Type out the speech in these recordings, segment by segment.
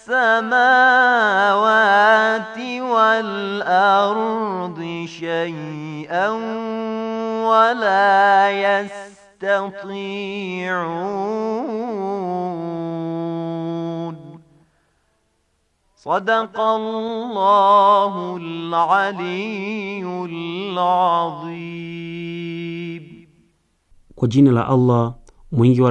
السماوات والأرض شيئا ولا يستطيعون صدق الله العلي العظيم وجين الله la Allah mwingi wa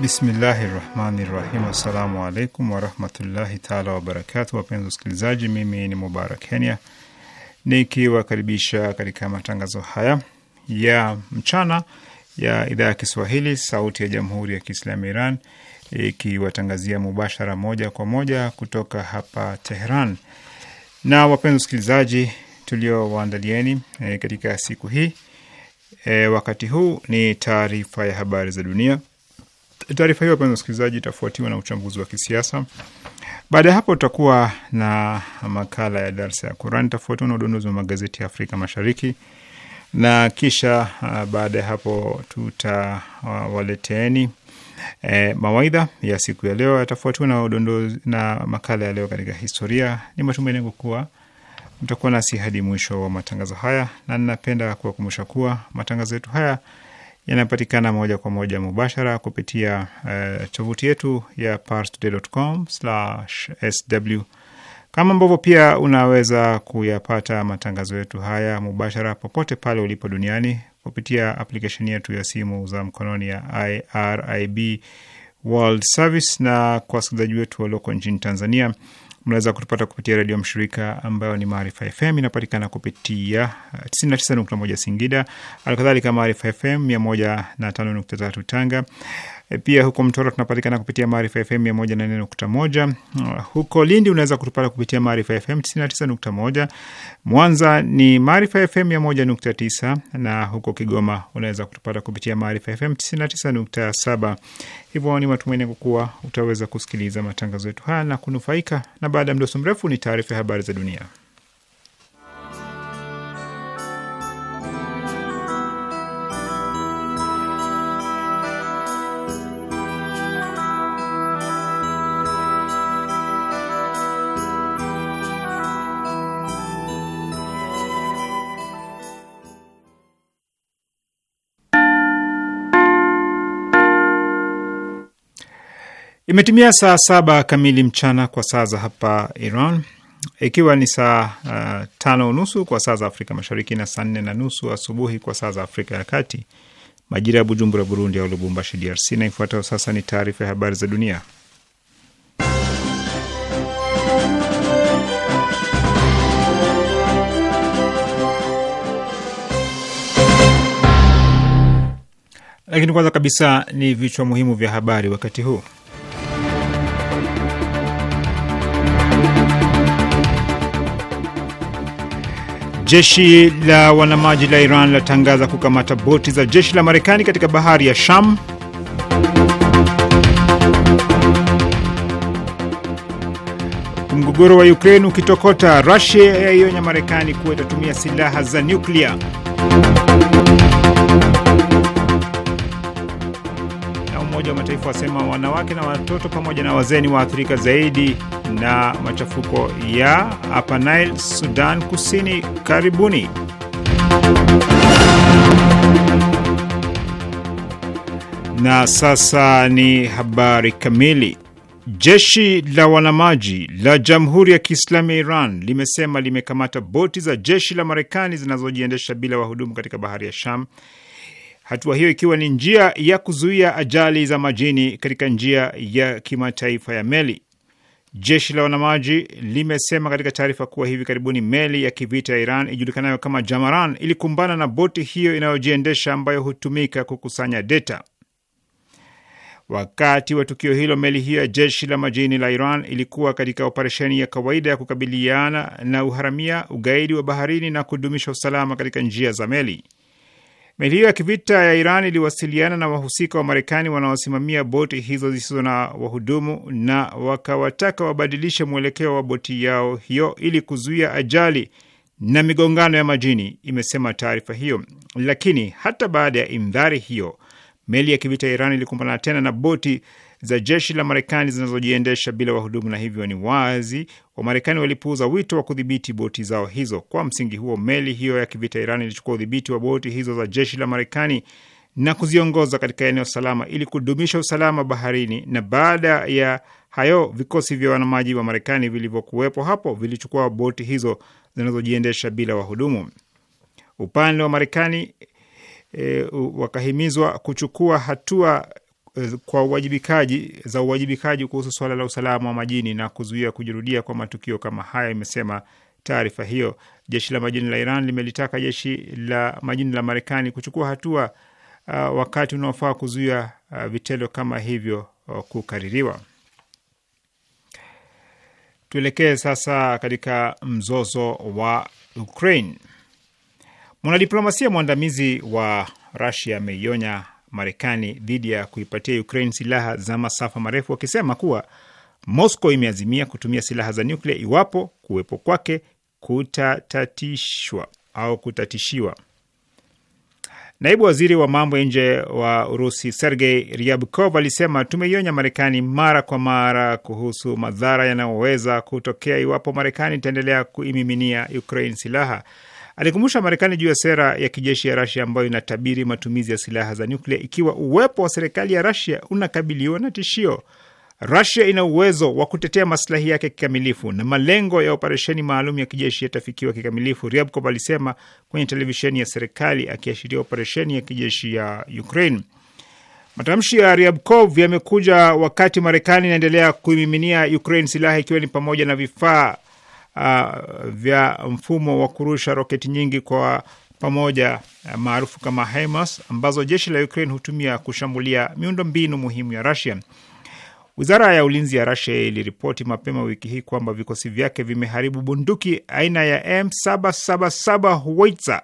Bismillahi rahmani rahim. Assalamu alaikum warahmatullahi taala wabarakatu. Wapenzi wasikilizaji, mimi ni Mubarak Kenya nikiwakaribisha katika matangazo haya ya mchana ya idhaa ya Kiswahili sauti ya jamhuri ya Kiislamu Iran ikiwatangazia mubashara moja kwa moja kutoka hapa Tehran. Na wapenzi wasikilizaji, tuliowaandalieni eh, katika siku hii e, wakati huu ni taarifa ya habari za dunia Taarifa hiyo wapenzi wasikilizaji, itafuatiwa na uchambuzi wa kisiasa. Baada ya hapo, tutakuwa na makala ya darsa ya Quran, itafuatiwa na udondozi wa magazeti ya Afrika Mashariki, na kisha uh, baada ya hapo uh, e, mawaidha ya siku ya leo, yatafuatiwa na udondozi na makala ya leo katika historia. Ni matumaini yangu kuwa mtakuwa nasi hadi mwisho wa matangazo haya, na ninapenda kuwakumbusha kuwa matangazo yetu haya yanapatikana moja kwa moja mubashara kupitia uh, tovuti yetu ya parstoday.com/sw kama ambavyo pia unaweza kuyapata matangazo yetu haya mubashara popote pale ulipo duniani kupitia aplikesheni yetu ya simu za mkononi ya IRIB World Service, na kwa wasikilizaji wetu walioko nchini Tanzania mnaweza kutupata kupitia redio mshirika ambayo ni Maarifa FM, inapatikana kupitia 99.1 uh, Singida, alikadhalika Maarifa FM 105.3 Tanga E, pia huko Mtwara tunapatikana kupitia Maarifa FM 104.1. Uh, huko Lindi unaweza kutupata kupitia Maarifa FM 99.1. Mwanza ni Maarifa FM 101.9, na huko Kigoma unaweza kutupata kupitia Maarifa FM 99.7. Hivyo ni matumaini yangu kuwa utaweza kusikiliza matangazo yetu haya na kunufaika. Na baada ya mdoso mrefu ni taarifa ya habari za dunia. Imetimia saa saba kamili mchana kwa saa za hapa Iran, ikiwa ni saa uh, tano nusu kwa saa za Afrika Mashariki na saa nne na nusu asubuhi kwa saa za Afrika ya Kati, majira ya Bujumbura, Burundi, au Lubumbashi, DRC. Na ifuatayo sasa ni taarifa ya habari za dunia, lakini kwanza kabisa ni vichwa muhimu vya habari wakati huu. Jeshi la wanamaji la Iran latangaza kukamata boti za jeshi la Marekani katika bahari ya Sham. Mgogoro wa Ukraine ukitokota, rusia yaionya Marekani kuwa itatumia silaha za nyuklia. Umoja wa Mataifa wasema wanawake na watoto pamoja na wazee ni waathirika zaidi na machafuko ya Upper Nile, Sudan Kusini. Karibuni. Na sasa ni habari kamili. Jeshi la wanamaji la Jamhuri ya Kiislamu ya Iran limesema limekamata boti za jeshi la Marekani zinazojiendesha bila wahudumu katika bahari ya Sham hatua hiyo ikiwa ni njia ya kuzuia ajali za majini katika njia ya kimataifa ya meli. Jeshi la wanamaji limesema katika taarifa kuwa hivi karibuni meli ya kivita ya Iran ijulikanayo kama Jamaran ilikumbana na boti hiyo inayojiendesha ambayo hutumika kukusanya data. Wakati wa tukio hilo, meli hiyo ya jeshi la majini la Iran ilikuwa katika operesheni ya kawaida ya kukabiliana na uharamia, ugaidi wa baharini na kudumisha usalama katika njia za meli. Meli hiyo ya kivita ya Iran iliwasiliana na wahusika wa Marekani wanaosimamia boti hizo zisizo na wahudumu na wakawataka wabadilishe mwelekeo wa boti yao hiyo ili kuzuia ajali na migongano ya majini, imesema taarifa hiyo. Lakini hata baada ya indhari hiyo, meli ya kivita ya Iran ilikumbana tena na boti za jeshi la Marekani zinazojiendesha bila wahudumu, na hivyo ni wazi Wamarekani walipuuza wito wa kudhibiti boti zao hizo. Kwa msingi huo, meli hiyo ya kivita Iran ilichukua udhibiti wa boti hizo za jeshi la Marekani na kuziongoza katika eneo salama ili kudumisha usalama baharini. Na baada ya hayo, vikosi vya wanamaji wa Marekani vilivyokuwepo hapo vilichukua boti hizo zinazojiendesha bila wahudumu. Upande wa Marekani e, wakahimizwa kuchukua hatua Eh, kwa uwajibikaji za uwajibikaji kuhusu suala la usalama wa majini na kuzuia kujirudia kwa matukio kama haya, imesema taarifa hiyo. Jeshi la majini la Iran limelitaka jeshi la majini la Marekani kuchukua hatua uh, wakati unaofaa kuzuia uh, vitendo kama hivyo uh, kukaririwa. Tuelekee sasa katika mzozo wa Ukraine. Mwanadiplomasia mwandamizi wa rasia ameionya Marekani dhidi ya kuipatia Ukraine silaha za masafa marefu, wakisema kuwa Moscow imeazimia kutumia silaha za nyuklia iwapo kuwepo kwake kutatatishwa au kutatishiwa. Naibu waziri wa mambo ya nje wa Urusi Sergei Ryabkov alisema tumeionya Marekani mara kwa mara kuhusu madhara yanayoweza kutokea iwapo Marekani itaendelea kuimiminia Ukraine silaha. Alikumbusha Marekani juu ya sera ya kijeshi ya Rasia ambayo inatabiri matumizi ya silaha za nyuklia ikiwa uwepo wa serikali ya Rasia unakabiliwa na tishio. Rasia ina uwezo wa kutetea masilahi yake kikamilifu na malengo ya operesheni maalum ya kijeshi yatafikiwa kikamilifu, Ryabkov alisema kwenye televisheni ya serikali akiashiria operesheni ya kijeshi ya Ukraine. Matamshi ya Ryabkov yamekuja wakati Marekani inaendelea kuimiminia Ukraine silaha ikiwa ni pamoja na vifaa uh, vya mfumo wa kurusha roketi nyingi kwa pamoja uh, maarufu kama HIMARS ambazo jeshi la Ukraine hutumia kushambulia miundo mbinu muhimu ya Russia. Wizara ya ulinzi ya Russia iliripoti mapema wiki hii kwamba vikosi vyake vimeharibu bunduki aina ya M777 Howitzer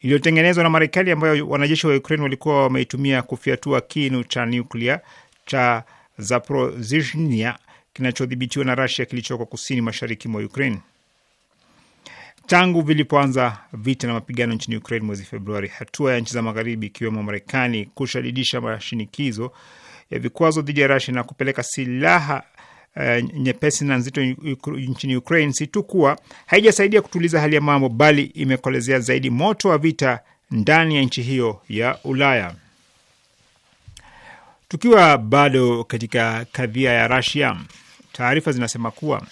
iliyotengenezwa na Marekani ambayo wanajeshi wa Ukraine walikuwa wameitumia kufyatua kinu cha nuklia cha Zaporozhia kinachodhibitiwa na Russia kilichoko kusini mashariki mwa Ukraine. Tangu vilipoanza vita na mapigano nchini Ukraine mwezi Februari, hatua ya nchi za magharibi ikiwemo Marekani kushadidisha mashinikizo ya vikwazo dhidi ya Rasia na kupeleka silaha uh, nyepesi na nzito nchini Ukraine si tu kuwa haijasaidia kutuliza hali ya mambo, bali imekolezea zaidi moto wa vita ndani ya nchi hiyo ya Ulaya. Tukiwa bado katika kadhia ya Rasia, taarifa zinasema kuwa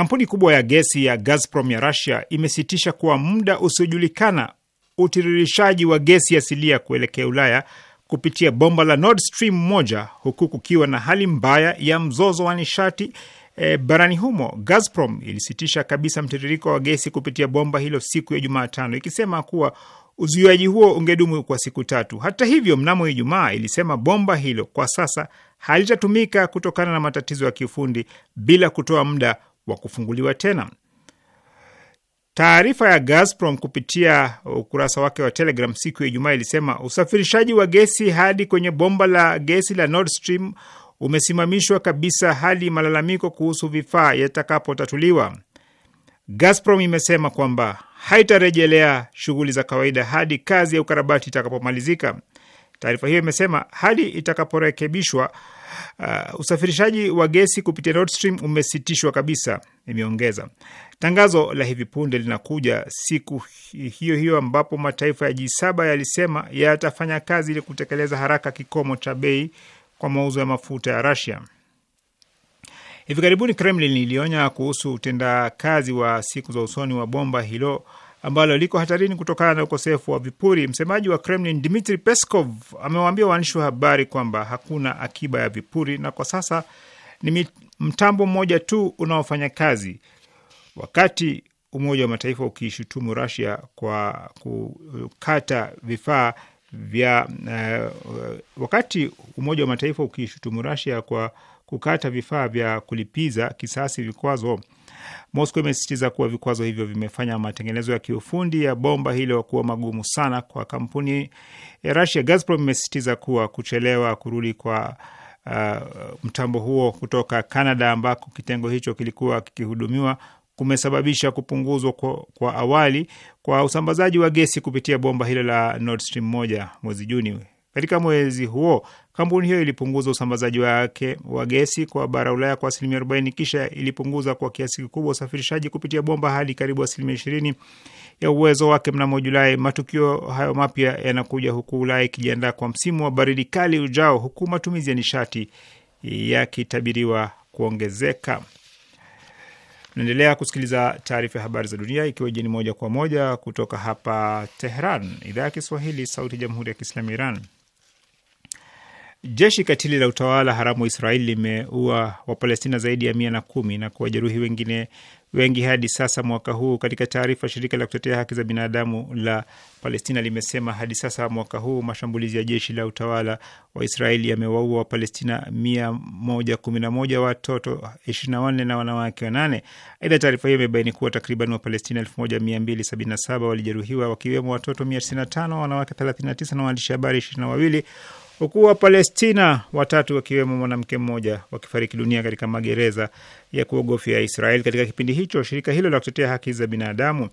Kampuni kubwa ya gesi ya Gazprom ya rusia imesitisha kwa muda usiojulikana utiririshaji wa gesi asilia kuelekea Ulaya kupitia bomba la Nord Stream moja huku kukiwa na hali mbaya ya mzozo wa nishati e, barani humo. Gazprom ilisitisha kabisa mtiririko wa gesi kupitia bomba hilo siku ya Jumatano ikisema kuwa uzuiaji huo ungedumu kwa siku tatu. Hata hivyo, mnamo Ijumaa ilisema bomba hilo kwa sasa halitatumika kutokana na matatizo ya kiufundi bila kutoa muda wa kufunguliwa tena. Taarifa ya Gazprom kupitia ukurasa wake wa Telegram siku ya Ijumaa ilisema usafirishaji wa gesi hadi kwenye bomba la gesi la Nord Stream umesimamishwa kabisa hadi malalamiko kuhusu vifaa yatakapotatuliwa. Gazprom imesema kwamba haitarejelea shughuli za kawaida hadi kazi ya ukarabati itakapomalizika. Taarifa hiyo imesema hadi itakaporekebishwa uh, usafirishaji wa gesi kupitia Nord Stream umesitishwa kabisa, imeongeza. Tangazo la hivi punde linakuja siku hiyo hiyo ambapo mataifa ya G7 yalisema yatafanya kazi ili kutekeleza haraka kikomo cha bei kwa mauzo ya mafuta ya Russia. Hivi karibuni Kremlin ilionya kuhusu utendakazi wa siku za usoni wa bomba hilo ambalo liko hatarini kutokana na ukosefu wa vipuri. Msemaji wa Kremlin Dmitri Peskov amewaambia waandishi wa habari kwamba hakuna akiba ya vipuri na kwa sasa ni mtambo mmoja tu unaofanya kazi, wakati Umoja wa Mataifa ukiishutumu Russia kwa kukata vifaa vya uh, wakati Umoja wa Mataifa ukiishutumu rasia kwa kukata vifaa vya kulipiza kisasi vikwazo Moscow imesisitiza kuwa vikwazo hivyo vimefanya matengenezo ya kiufundi ya bomba hilo kuwa magumu sana kwa kampuni ya eh, Russia. Gazprom imesisitiza kuwa kuchelewa kurudi kwa uh, mtambo huo kutoka Canada ambako kitengo hicho kilikuwa kikihudumiwa kumesababisha kupunguzwa kwa, kwa awali kwa usambazaji wa gesi kupitia bomba hilo la Nord Stream moja mwezi Juni katika mwezi huo kampuni hiyo ilipunguza usambazaji wake wa gesi kwa bara Ulaya kwa asilimia arobaini, kisha ilipunguza kwa kiasi kikubwa usafirishaji kupitia bomba hadi karibu asilimia ishirini ya uwezo wake mnamo Julai. Matukio hayo mapya yanakuja huku Ulaya ikijiandaa kwa msimu wa baridi kali ujao, huku matumizi ya nishati yakitabiriwa kuongezeka. Naendelea kusikiliza taarifa ya habari za dunia ikiwa jeni moja kwa moja kutoka hapa Tehran, idhaa ya Kiswahili, sauti ya jamhuri ya kiislamu Iran. Jeshi katili la utawala haramu wa Israeli limeua Wapalestina zaidi ya mia na kumi na kuwajeruhi wengine wengi hadi sasa mwaka huu. Katika taarifa, shirika la kutetea haki za binadamu la Palestina limesema hadi sasa mwaka huu mashambulizi ya jeshi la utawala wa Israeli yamewaua Wapalestina mia moja kumi na moja, watoto ishirini na wanne na wanawake wanane. Aidha, taarifa hiyo imebaini kuwa takriban Wapalestina elfu moja mia mbili sabini na saba walijeruhiwa wakiwemo watoto mia tano, wanawake thelathini na tisa na waandishi habari ishirini wawili huku Wapalestina watatu wakiwemo mwanamke mmoja wakifariki dunia katika magereza ya kuogofya Israeli katika kipindi hicho. Shirika hilo la kutetea haki za binadamu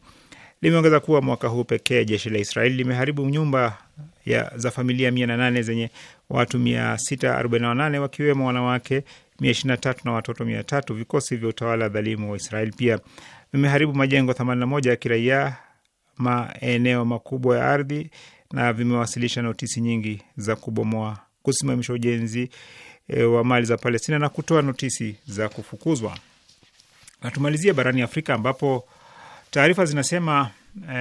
limeongeza kuwa mwaka huu pekee jeshi la Israeli limeharibu nyumba ya, za familia 108 zenye watu 648 wakiwemo wanawake 123 na watoto 300. Vikosi vya utawala dhalimu wa Israeli pia vimeharibu majengo 81 ya kiraia, maeneo makubwa ya ardhi na vimewasilisha notisi nyingi za kubomoa, kusimamisha ujenzi e, wa mali za Palestina na kutoa notisi za kufukuzwa. Natumalizia barani Afrika ambapo taarifa zinasema e,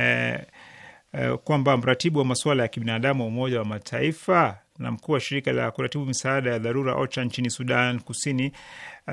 e, kwamba mratibu wa masuala ya kibinadamu wa Umoja wa Mataifa na mkuu wa shirika la kuratibu misaada ya dharura OCHA nchini Sudan Kusini,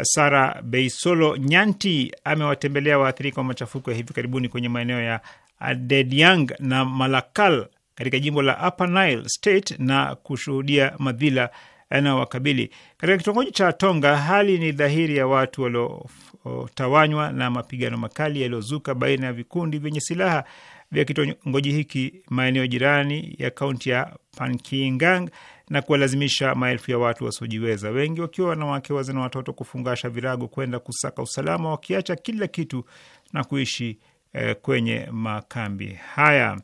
Sara Beisolo Nyanti amewatembelea waathirika wa machafuko ya hivi karibuni kwenye maeneo ya Adedyang na Malakal katika jimbo la Upper Nile State na kushuhudia madhila yanayowakabili katika kitongoji cha Tonga. Hali ni dhahiri ya watu waliotawanywa na mapigano makali yaliyozuka baina ya vikundi vyenye silaha vya kitongoji hiki maeneo jirani ya kaunti ya pankingang na kuwalazimisha maelfu ya watu wasiojiweza, wengi wakiwa wanawake, wazee na watoto, kufungasha virago kwenda kusaka usalama, wakiacha kila kitu na kuishi eh, kwenye makambi haya.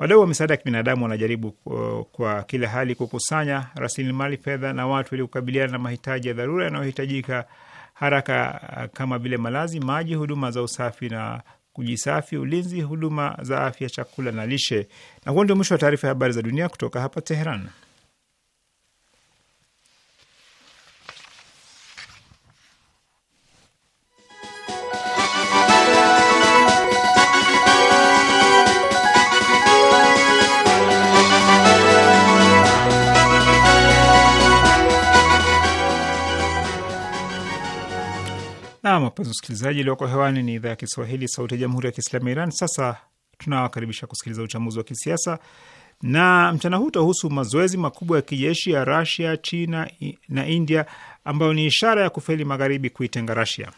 Wadau wa misaada ya kibinadamu wanajaribu uh, kwa kila hali kukusanya rasilimali fedha na watu ili kukabiliana na mahitaji ya dharura yanayohitajika haraka uh, kama vile malazi, maji, huduma za usafi na kujisafi, ulinzi, huduma za afya, chakula na lishe. Na huo ndio mwisho wa taarifa ya habari za dunia kutoka hapa Teheran. Nam, wapenzi usikilizaji, iliyoko hewani ni idhaa ya Kiswahili, sauti ya jamhuri ya kiislamu ya Iran. Sasa tunawakaribisha kusikiliza uchambuzi wa kisiasa na mchana huu utahusu mazoezi makubwa ya kijeshi ya Rasia, China na India ambayo ni ishara ya kufeli magharibi kuitenga Rasia.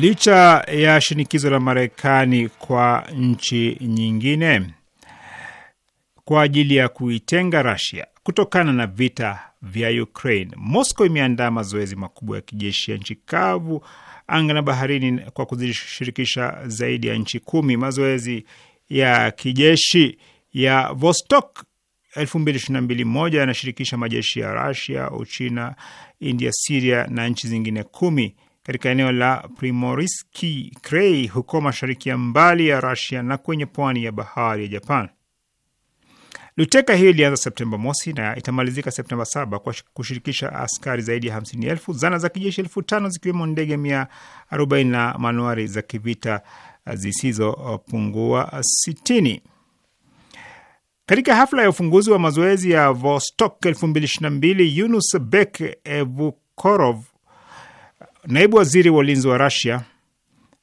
licha ya shinikizo la Marekani kwa nchi nyingine kwa ajili ya kuitenga Russia kutokana na vita vya Ukraine, Moscow imeandaa mazoezi makubwa ya kijeshi ya nchi kavu, anga na baharini kwa kuzishirikisha zaidi ya nchi kumi. Mazoezi ya kijeshi ya Vostok 2022 moja yanashirikisha majeshi ya Russia, Uchina, India, Siria na nchi zingine kumi katika eneo la primoriski Krei huko mashariki ya mbali ya Rusia na kwenye pwani ya bahari ya Japan. Luteka hiyo ilianza Septemba mosi na itamalizika Septemba saba kwa kushirikisha askari zaidi ya hamsini elfu, zana za kijeshi elfu tano zikiwemo ndege mia arobaini na manuari za kivita zisizopungua sitini. Katika hafla ya ufunguzi wa mazoezi ya Vostok mbili, Yunus Bek Evukorov Naibu waziri wa ulinzi wa Rasia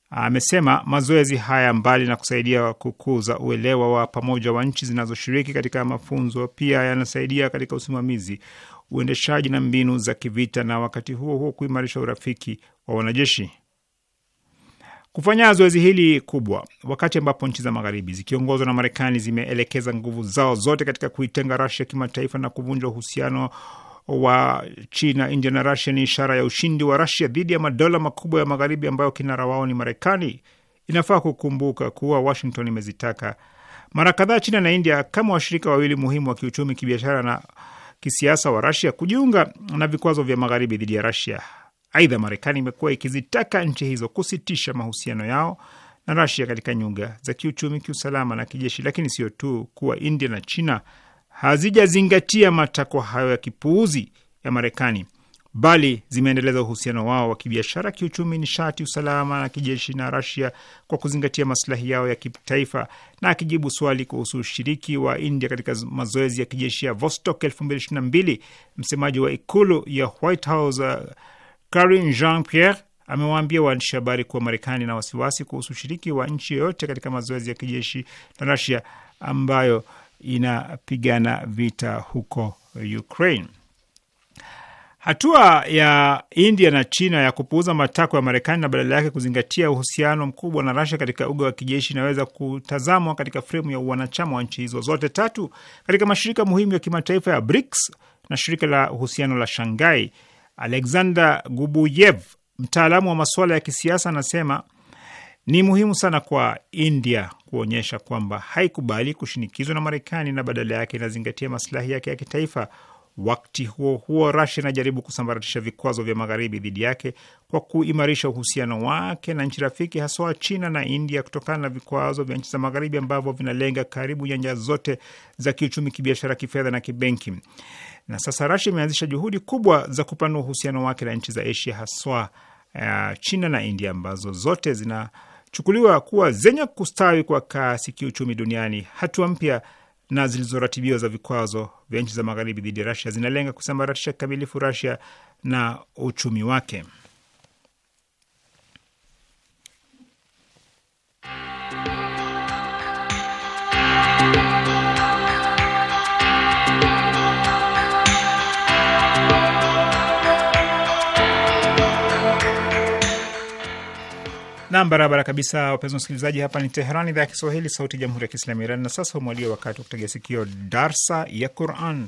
amesema mazoezi haya, mbali na kusaidia kukuza uelewa wa pamoja wa nchi zinazoshiriki katika mafunzo, pia yanasaidia katika usimamizi, uendeshaji na mbinu za kivita, na wakati huo huo kuimarisha urafiki wa wanajeshi. Kufanya zoezi hili kubwa wakati ambapo nchi za magharibi zikiongozwa na Marekani zimeelekeza nguvu zao zote katika kuitenga Rasia kimataifa na kuvunja uhusiano wa China, India na Rasia ni ishara ya ushindi wa Rasia dhidi ya madola makubwa ya Magharibi ambayo kinara wao ni Marekani. Inafaa kukumbuka kuwa Washington imezitaka mara kadhaa China na India kama washirika wawili muhimu wa kiuchumi, kibiashara na kisiasa wa Rasia kujiunga na vikwazo vya Magharibi dhidi ya Rasia. Aidha, Marekani imekuwa ikizitaka nchi hizo kusitisha mahusiano yao na Rasia katika nyuga za kiuchumi, kiusalama na kijeshi. Lakini sio tu kuwa India na China hazijazingatia matakwa hayo ya kipuuzi ya Marekani bali zimeendeleza uhusiano wao wa kibiashara, kiuchumi, nishati, usalama na kijeshi na Rasia kwa kuzingatia masilahi yao ya kitaifa. Na akijibu swali kuhusu ushiriki wa India katika mazoezi ya kijeshi ya Vostok 2022 msemaji wa ikulu ya White House uh, Karine Jean Pierre amewaambia waandishi habari kuwa Marekani na wasiwasi kuhusu ushiriki wa nchi yoyote katika mazoezi ya kijeshi na Rasia ambayo inapigana vita huko Ukraine. Hatua ya India na China ya kupuuza matakwa ya Marekani na badala yake kuzingatia uhusiano mkubwa na rasia katika uga wa kijeshi inaweza kutazamwa katika fremu ya wanachama wa nchi hizo zote tatu katika mashirika muhimu ya kimataifa ya BRICS na shirika la uhusiano la Shanghai. Alexander Gubuyev, mtaalamu wa masuala ya kisiasa, anasema ni muhimu sana kwa India kuonyesha kwamba haikubali kushinikizwa na Marekani na badala yake inazingatia masilahi yake ya kitaifa. Wakati huo huo, Rasia inajaribu kusambaratisha vikwazo vya magharibi dhidi yake kwa kuimarisha uhusiano wake na nchi rafiki, haswa China na India, kutokana na vikwazo vya nchi za magharibi ambavyo vinalenga karibu nyanja zote za kiuchumi, kibiashara, kifedha na kibenki. Na sasa Rasia imeanzisha juhudi kubwa za kupanua uhusiano wake na nchi za Asia, haswa uh, China na India ambazo zote zina kuchukuliwa kuwa zenye kustawi kwa kasi kiuchumi duniani. Hatua mpya na zilizoratibiwa za vikwazo vya nchi za magharibi dhidi ya Rasia zinalenga kusambaratisha kikamilifu Rasia na uchumi wake. Nam, barabara kabisa, wapenzi wasikilizaji, hapa ni Teheran, idhaa ya Kiswahili, sauti ya jamhuri ya kiislamu ya Iran. Na sasa umwalia wakati wa kutegea sikio darsa ya Quran.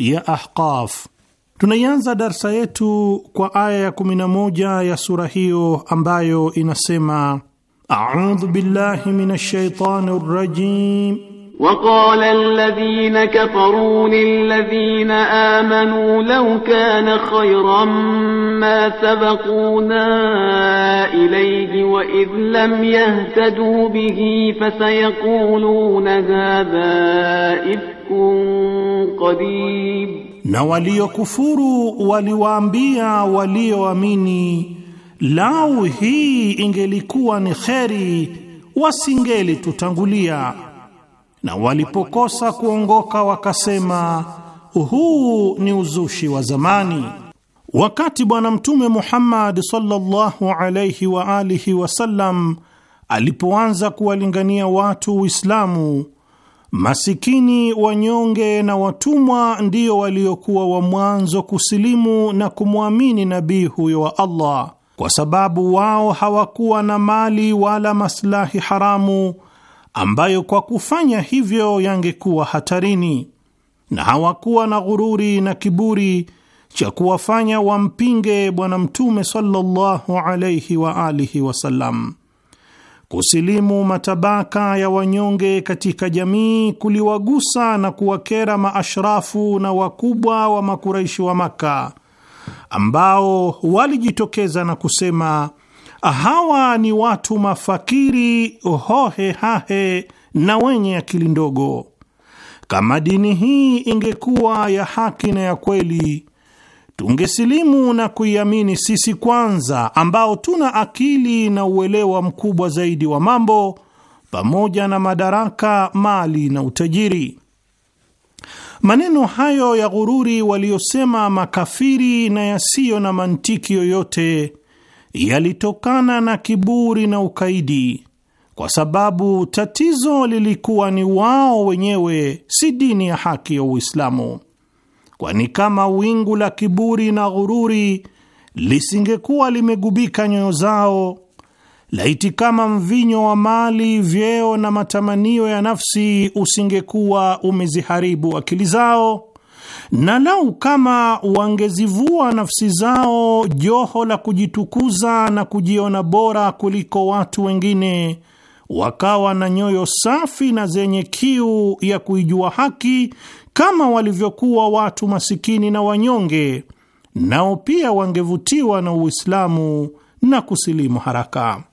ya Ahqaf. Tunaianza darsa yetu kwa aya ya 11 ya sura hiyo ambayo inasema, audhu billahi minash shaitani rrajim وقال الذين كفروا للذين آمنوا لو كان خيرا ما سبقونا إليه وإذ لم يهتدوا به فسيقولون هذا إفك قديم na waliokufuru waliwaambia walioamini, lau hii ingelikuwa ni kheri wasingelitutangulia na walipokosa kuongoka wakasema huu ni uzushi wa zamani. Wakati Bwana Mtume Muhammad sallallahu alayhi wa alihi wasallam alipoanza kuwalingania watu Uislamu, masikini, wanyonge na watumwa ndio waliokuwa wa mwanzo kusilimu na kumwamini nabii huyo wa Allah, kwa sababu wao hawakuwa na mali wala maslahi haramu ambayo kwa kufanya hivyo yangekuwa hatarini, na hawakuwa na ghururi na kiburi cha kuwafanya wampinge Bwana Mtume sallallahu alaihi wa alihi wasallam. Kusilimu matabaka ya wanyonge katika jamii kuliwagusa na kuwakera maashrafu na wakubwa wa Makuraishi wa Maka ambao walijitokeza na kusema Ah, hawa ni watu mafakiri hohe hahe na wenye akili ndogo. Kama dini hii ingekuwa ya haki na ya kweli, tungesilimu na kuiamini sisi kwanza, ambao tuna akili na uelewa mkubwa zaidi wa mambo, pamoja na madaraka, mali na utajiri. Maneno hayo ya ghururi waliyosema makafiri na yasiyo na mantiki yoyote yalitokana na kiburi na ukaidi, kwa sababu tatizo lilikuwa ni wao wenyewe, si dini ya haki ya Uislamu, kwani kama wingu la kiburi na ghururi lisingekuwa limegubika nyoyo zao, laiti kama mvinyo wa mali, vyeo na matamanio ya nafsi usingekuwa umeziharibu akili zao na lau kama wangezivua nafsi zao joho la kujitukuza na kujiona bora kuliko watu wengine, wakawa na nyoyo safi na zenye kiu ya kuijua haki kama walivyokuwa watu masikini na wanyonge, nao pia wangevutiwa na Uislamu na kusilimu haraka.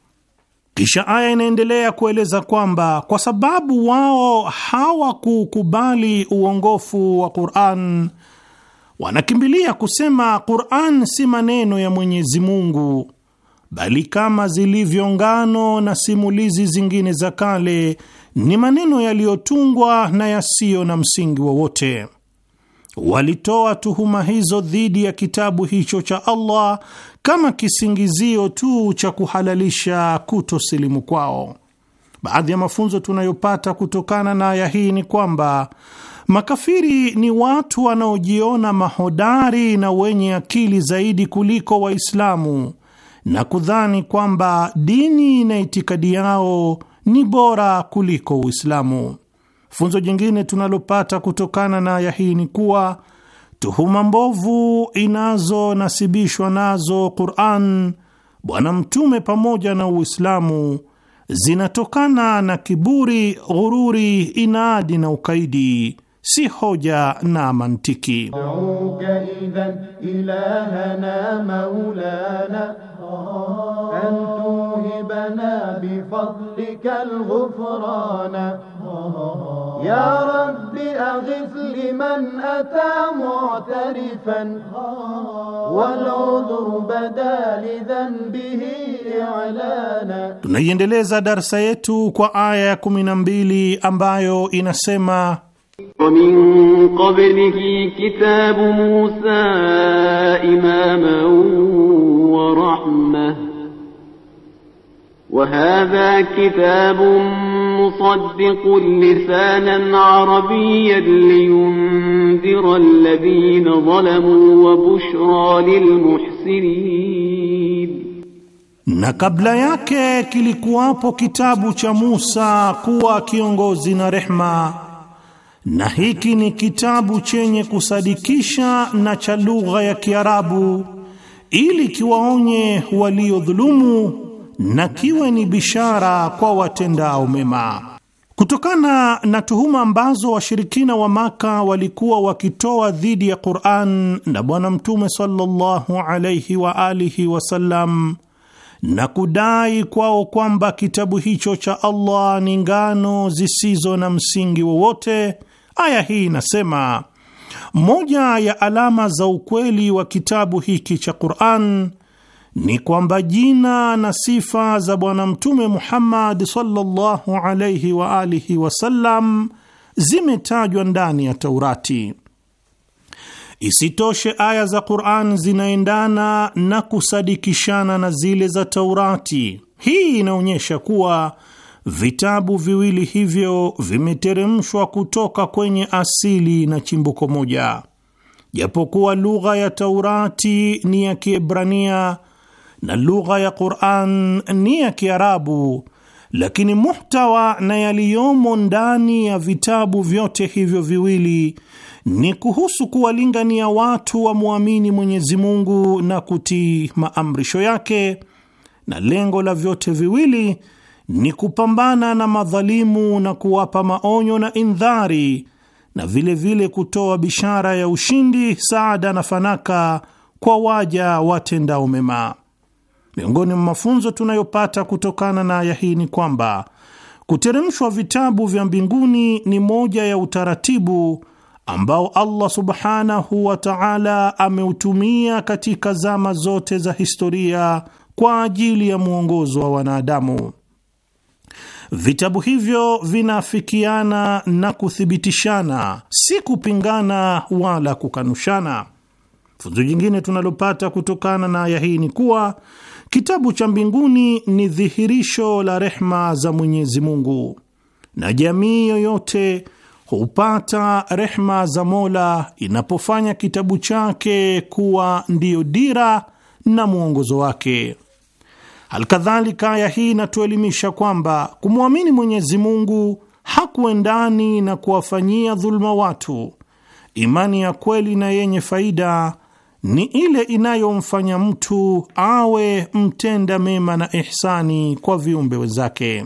Kisha aya inaendelea kueleza kwamba kwa sababu wao hawakukubali uongofu wa Qur'an, wanakimbilia kusema Qur'an si maneno ya Mwenyezi Mungu, bali kama zilivyo ngano na simulizi zingine za kale, ni maneno yaliyotungwa na yasiyo na msingi wowote walitoa tuhuma hizo dhidi ya kitabu hicho cha Allah kama kisingizio tu cha kuhalalisha kutosilimu kwao. Baadhi ya mafunzo tunayopata kutokana na aya hii ni kwamba makafiri ni watu wanaojiona mahodari na wenye akili zaidi kuliko Waislamu na kudhani kwamba dini na itikadi yao ni bora kuliko Uislamu. Funzo jingine tunalopata kutokana na aya hii ni kuwa tuhuma mbovu inazonasibishwa nazo Qur'an, Bwana Mtume pamoja na Uislamu zinatokana na kiburi, ghururi, inadi na ukaidi si hoja na mantiki. Tunaiendeleza darsa yetu kwa aya ya kumi na mbili ambayo inasema ومن قبله كتاب موسى إماما ورحمة وهذا كتاب مصدق لسانا عربيا لينذر الذين ظلموا وبشرى للمحسنين na kabla yake kilikuwapo kitabu cha Musa kuwa kiongozi na rehma na hiki ni kitabu chenye kusadikisha na cha lugha ya Kiarabu ili kiwaonye waliodhulumu na kiwe ni bishara kwa watendao mema. Kutokana na tuhuma ambazo washirikina wa Maka walikuwa wakitoa dhidi ya Qur'an na Bwana Mtume sallallahu alayhi wa alihi wasallam na kudai kwao kwamba kitabu hicho cha Allah ni ngano zisizo na msingi wowote Aya hii inasema moja ya alama za ukweli wa kitabu hiki cha Qur'an ni kwamba jina na sifa za Bwana Mtume Muhammad sallallahu alayhi wa alihi wasallam zimetajwa ndani ya Taurati. Isitoshe, aya za Qur'an zinaendana na kusadikishana na zile za Taurati. Hii inaonyesha kuwa Vitabu viwili hivyo vimeteremshwa kutoka kwenye asili na chimbuko moja, japokuwa lugha ya Taurati ni ya Kiebrania na lugha ya Qur'an ni ya Kiarabu, lakini muhtawa na yaliyomo ndani ya vitabu vyote hivyo viwili ni kuhusu kuwalingania watu wamwamini Mwenyezi Mungu na kutii maamrisho yake, na lengo la vyote viwili ni kupambana na madhalimu na kuwapa maonyo na indhari na vilevile vile kutoa bishara ya ushindi, saada na fanaka kwa waja watendao mema. Miongoni mwa mafunzo tunayopata kutokana na aya hii ni kwamba kuteremshwa vitabu vya mbinguni ni moja ya utaratibu ambao Allah subhanahu wa ta'ala ameutumia katika zama zote za historia kwa ajili ya mwongozo wa wanadamu. Vitabu hivyo vinafikiana na kuthibitishana, si kupingana wala kukanushana. Funzo jingine tunalopata kutokana na aya hii ni kuwa kitabu cha mbinguni ni dhihirisho la rehma za Mwenyezi Mungu, na jamii yoyote hupata rehma za Mola inapofanya kitabu chake kuwa ndiyo dira na mwongozo wake. Alkadhalika, aya hii inatuelimisha kwamba kumwamini Mwenyezi Mungu hakuendani na kuwafanyia dhuluma watu. Imani ya kweli na yenye faida ni ile inayomfanya mtu awe mtenda mema na ihsani kwa viumbe wenzake.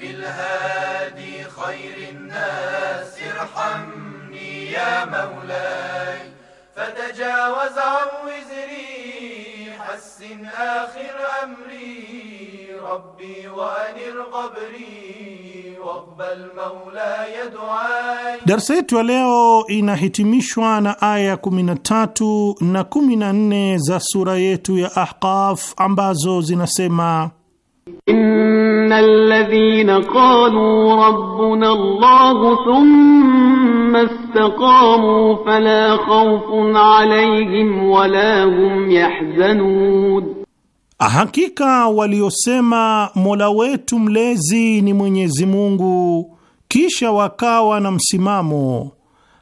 بالهادي خير الناس ارحمني يا مولاي فتجاوز عن وزري حسن آخر أمري ربي وأنر قبري واقبل مولاي دعاي Darsa yetu leo inahitimishwa na aya 13 na 14 za sura yetu ya Ahqaf ambazo zinasema إن الذين قالوا ربنا الله ثم استقاموا فلا خوف عليهم ولا هم يحزنون Hakika waliosema Mola wetu mlezi ni Mwenyezi Mungu, kisha wakawa na msimamo,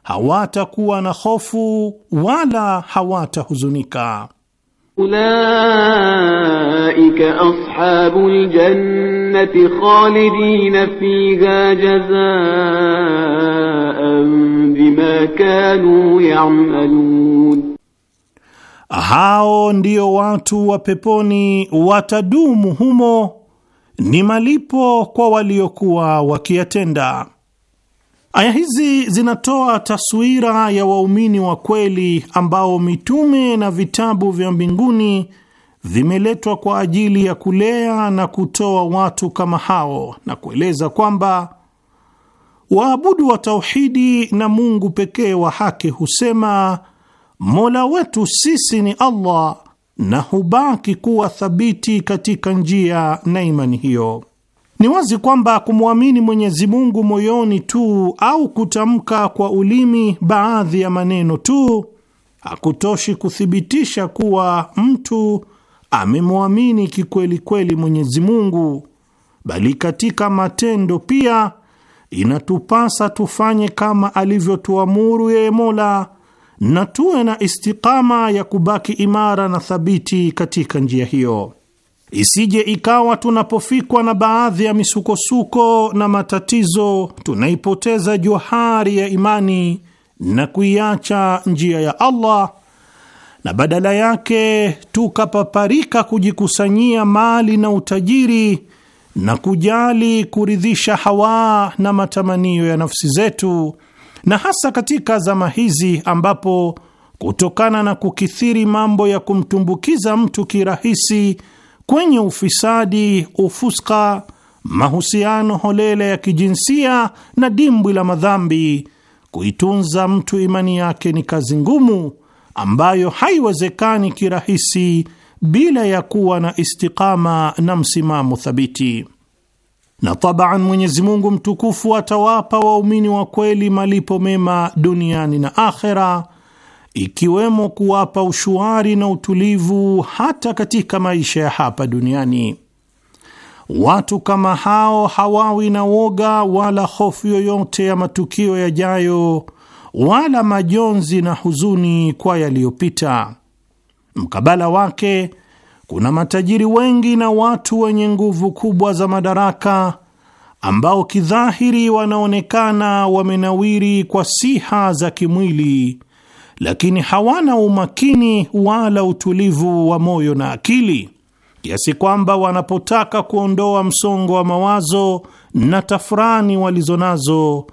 hawatakuwa na hofu wala hawatahuzunika. Ulaika ashabul jannati خالدين fiha جزاء بما kanu يعملون hao ndio watu wa peponi watadumu humo, ni malipo kwa waliokuwa wakiyatenda. Aya hizi zinatoa taswira ya waumini wa kweli ambao mitume na vitabu vya mbinguni vimeletwa kwa ajili ya kulea na kutoa watu kama hao, na kueleza kwamba waabudu wa tauhidi na Mungu pekee wa haki husema Mola wetu sisi ni Allah na hubaki kuwa thabiti katika njia na imani hiyo. Ni wazi kwamba kumwamini Mwenyezi Mungu moyoni tu au kutamka kwa ulimi baadhi ya maneno tu hakutoshi kuthibitisha kuwa mtu amemwamini kikwelikweli Mwenyezi Mungu, bali katika matendo pia inatupasa tufanye kama alivyotuamuru yeye Mola na tuwe na istikama ya kubaki imara na thabiti katika njia hiyo isije ikawa tunapofikwa na baadhi ya misukosuko na matatizo tunaipoteza johari ya imani na kuiacha njia ya Allah na badala yake tukapaparika kujikusanyia mali na utajiri na kujali kuridhisha hawa na matamanio ya nafsi zetu, na hasa katika zama hizi ambapo kutokana na kukithiri mambo ya kumtumbukiza mtu kirahisi kwenye ufisadi, ufuska, mahusiano holela ya kijinsia na dimbwi la madhambi, kuitunza mtu imani yake ni kazi ngumu ambayo haiwezekani kirahisi bila ya kuwa na istikama na msimamo thabiti. Na tabaan, Mwenyezi Mungu mtukufu atawapa waumini wa kweli malipo mema duniani na akhera ikiwemo kuwapa ushuari na utulivu hata katika maisha ya hapa duniani. Watu kama hao hawawi na woga wala hofu yoyote ya matukio yajayo wala majonzi na huzuni kwa yaliyopita. Mkabala wake kuna matajiri wengi na watu wenye nguvu kubwa za madaraka ambao kidhahiri wanaonekana wamenawiri kwa siha za kimwili lakini hawana umakini wala utulivu wa moyo na akili kiasi kwamba wanapotaka kuondoa msongo wa mawazo na tafurani walizo nazo,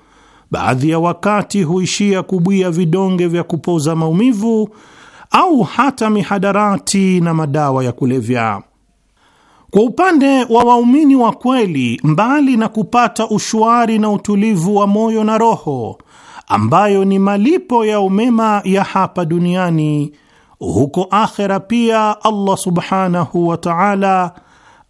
baadhi ya wakati huishia kubwia vidonge vya kupoza maumivu au hata mihadarati na madawa ya kulevya. Kwa upande wa waumini wa kweli, mbali na kupata ushwari na utulivu wa moyo na roho ambayo ni malipo ya umema ya hapa duniani. Huko akhera pia Allah subhanahu wa ta'ala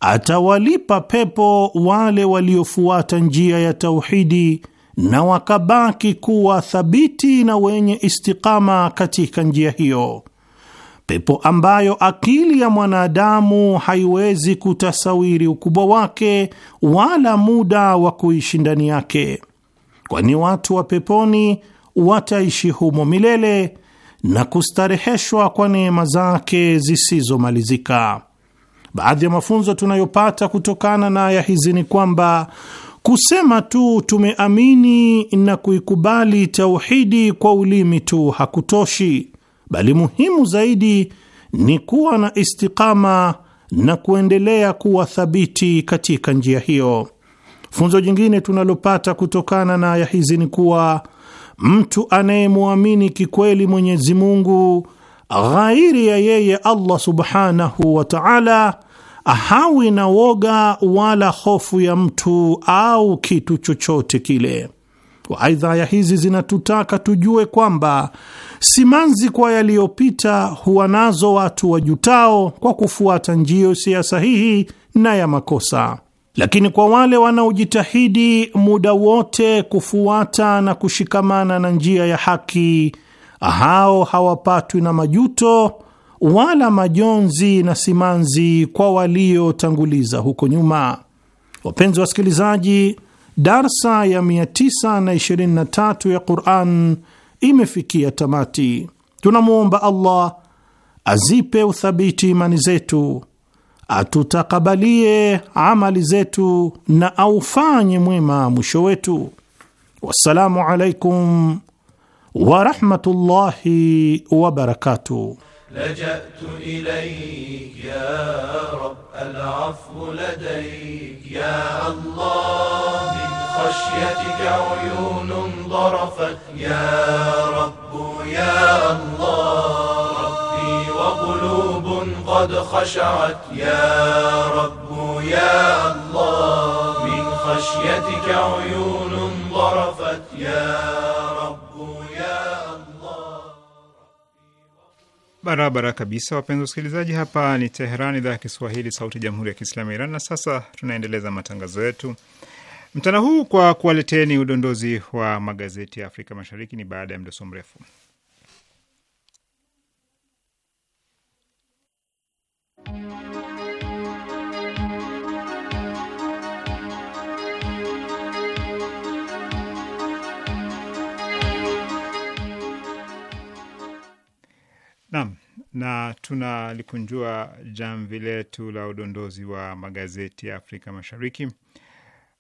atawalipa pepo wale waliofuata njia ya tauhidi na wakabaki kuwa thabiti na wenye istikama katika njia hiyo, pepo ambayo akili ya mwanadamu haiwezi kutasawiri ukubwa wake wala muda wa kuishi ndani yake kwani watu wa peponi wataishi humo milele na kustareheshwa kwa neema zake zisizomalizika. Baadhi ya mafunzo tunayopata kutokana na aya hizi ni kwamba kusema tu tumeamini na kuikubali tauhidi kwa ulimi tu hakutoshi, bali muhimu zaidi ni kuwa na istikama na kuendelea kuwa thabiti katika njia hiyo. Funzo jingine tunalopata kutokana na aya hizi ni kuwa mtu anayemwamini kikweli Mwenyezi Mungu ghairi ya yeye Allah subhanahu wa ta'ala hawi na woga wala hofu ya mtu au kitu chochote kile. aidha aya hizi zinatutaka tujue kwamba simanzi kwa yaliyopita huwa nazo watu wajutao kwa kufuata njio siya sahihi na ya makosa. Lakini kwa wale wanaojitahidi muda wote kufuata na kushikamana na njia ya haki, hao hawapatwi na majuto wala majonzi na simanzi kwa waliotanguliza huko nyuma. Wapenzi wasikilizaji, darsa ya 923 ya Quran imefikia tamati. Tunamwomba Allah azipe uthabiti imani zetu atutakabalie amali zetu na aufanye mwema mwisho wetu. Wassalamu alaikum warahmatullahi wabarakatuh. لجأت إليك يا وقلوب قد خشعت يا رب يا الله من خشيتك عيون ضرفت يا رب يا barabara kabisa, wapenzi wasikilizaji, hapa ni Teheran, idhaa ya Kiswahili, sauti ya jamhuri ya kiislamu ya Iran. Na sasa tunaendeleza matangazo yetu mchana huu kwa kuwaleteni udondozi wa magazeti ya Afrika Mashariki. Ni baada ya mdoso mrefu Naam, na tunalikunjua jamvi letu la udondozi wa magazeti ya Afrika Mashariki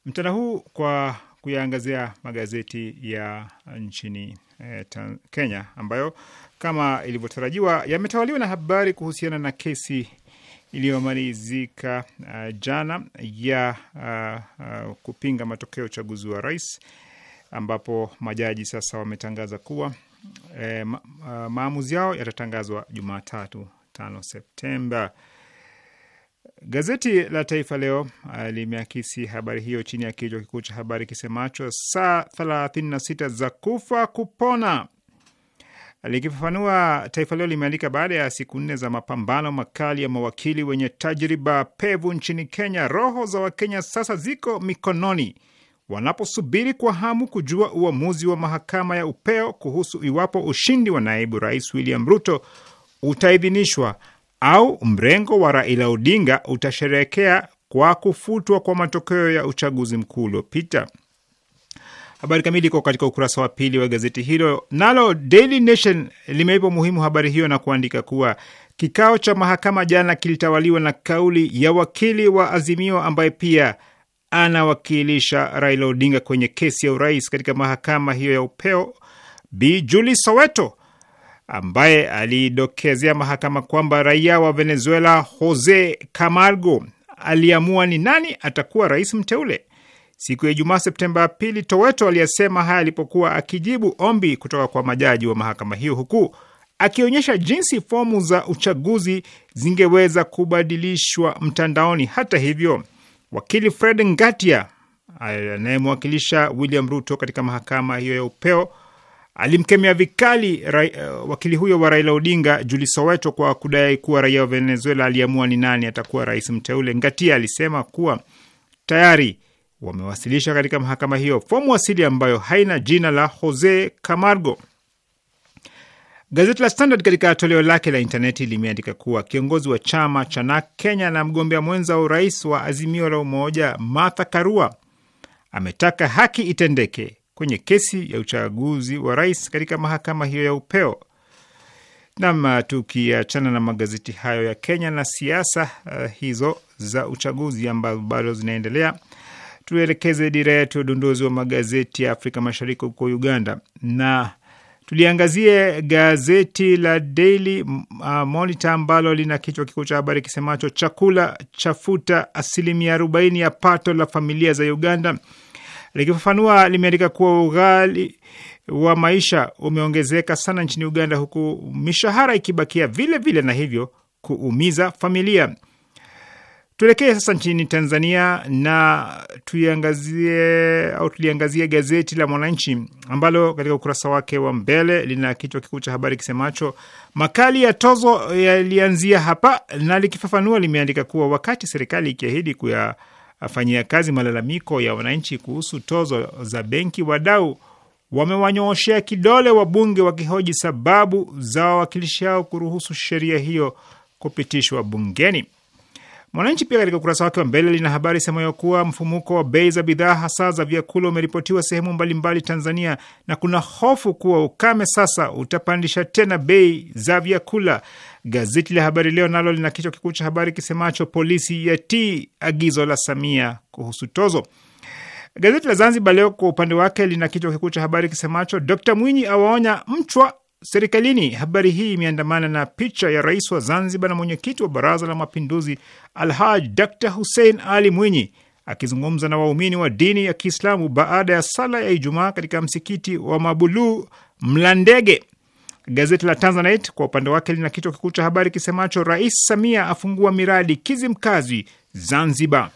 mchana huu kwa kuyaangazia magazeti ya nchini eh, Kenya ambayo kama ilivyotarajiwa yametawaliwa na habari kuhusiana na kesi iliyomalizika uh, jana ya uh, uh, kupinga matokeo ya uchaguzi wa rais ambapo majaji sasa wametangaza kuwa eh, ma, uh, maamuzi yao yatatangazwa Jumatatu tano Septemba. Gazeti la Taifa Leo uh, limeakisi habari hiyo chini ya kichwa kikuu cha habari kisemacho saa 36 za kufa kupona Likifafanua, Taifa Leo limeandika baada ya siku nne za mapambano makali ya mawakili wenye tajriba pevu nchini Kenya, roho za Wakenya sasa ziko mikononi, wanaposubiri kwa hamu kujua uamuzi wa mahakama ya upeo kuhusu iwapo ushindi wa naibu rais William Ruto utaidhinishwa au mrengo wa Raila Odinga utasherehekea kwa kufutwa kwa matokeo ya uchaguzi mkuu uliopita. Habari kamili iko katika ukurasa wa pili wa gazeti hilo. Nalo Daily Nation limeipa umuhimu habari hiyo na kuandika kuwa kikao cha mahakama jana kilitawaliwa na kauli ya wakili wa Azimio ambaye pia anawakilisha Raila Odinga kwenye kesi ya urais katika mahakama hiyo ya upeo, Bi Julie Soweto ambaye alidokezea mahakama kwamba raia wa Venezuela Jose Camargo aliamua ni nani atakuwa rais mteule siku ya Ijumaa Septemba pili. Toweto aliyesema haya alipokuwa akijibu ombi kutoka kwa majaji wa mahakama hiyo huku akionyesha jinsi fomu za uchaguzi zingeweza kubadilishwa mtandaoni. Hata hivyo, wakili Fred Ngatia anayemwakilisha William Ruto katika mahakama hiyo ya upeo alimkemea vikali ra, uh, wakili huyo wa Raila Odinga Juli Soweto kwa kudai kuwa raia wa Venezuela aliamua ni nani atakuwa rais mteule. Ngatia alisema kuwa tayari wamewasilisha katika mahakama hiyo fomu asili ambayo haina jina la Jose Camargo. Gazeti la Standard katika toleo lake la intaneti limeandika kuwa kiongozi wa chama cha NAK Kenya na mgombea mwenza wa urais wa Azimio la Umoja Martha Karua ametaka haki itendeke kwenye kesi ya uchaguzi wa rais katika mahakama hiyo ya upeo. Nam, tukiachana na magazeti hayo ya Kenya na siasa uh, hizo za uchaguzi ambazo bado zinaendelea tuelekeze dira yetu ya udondozi wa magazeti ya Afrika Mashariki huko Uganda, na tuliangazie gazeti la Daily uh, Monitor ambalo lina kichwa kikuu cha habari kisemacho chakula chafuta asilimia arobaini ya pato la familia za Uganda. Likifafanua, limeandika kuwa ughali wa maisha umeongezeka sana nchini Uganda, huku mishahara ikibakia vile vile na hivyo kuumiza familia. Tuelekee sasa nchini Tanzania na tuiangazie au tuliangazie gazeti la Mwananchi ambalo katika ukurasa wake wa mbele lina kichwa kikuu cha habari kisemacho makali ya tozo yalianzia hapa, na likifafanua limeandika kuwa wakati serikali ikiahidi kuyafanyia kazi malalamiko ya wananchi kuhusu tozo za benki, wadau wamewanyooshea kidole wabunge wakihoji sababu za wawakilishi hao kuruhusu sheria hiyo kupitishwa bungeni. Mwananchi pia katika ukurasa wake wa mbele lina habari semayo kuwa mfumuko wa bei za bidhaa hasa za vyakula umeripotiwa sehemu mbalimbali Tanzania, na kuna hofu kuwa ukame sasa utapandisha tena bei za vyakula. Gazeti la Habari Leo nalo lina kichwa kikuu cha habari kisemacho polisi yatii agizo la Samia kuhusu tozo. Gazeti la Zanzibar Leo kwa upande wake lina kichwa kikuu cha habari kisemacho Dkt Mwinyi awaonya mchwa serikalini. Habari hii imeandamana na picha ya rais wa Zanzibar na mwenyekiti wa Baraza la Mapinduzi Alhaj Dr Hussein Ali Mwinyi akizungumza na waumini wa dini ya Kiislamu baada ya sala ya Ijumaa katika msikiti wa Mabuluu Mlandege. Gazeti la Tanzanite kwa upande wake lina kichwa kikuu cha habari kisemacho Rais Samia afungua miradi Kizimkazi Zanzibar.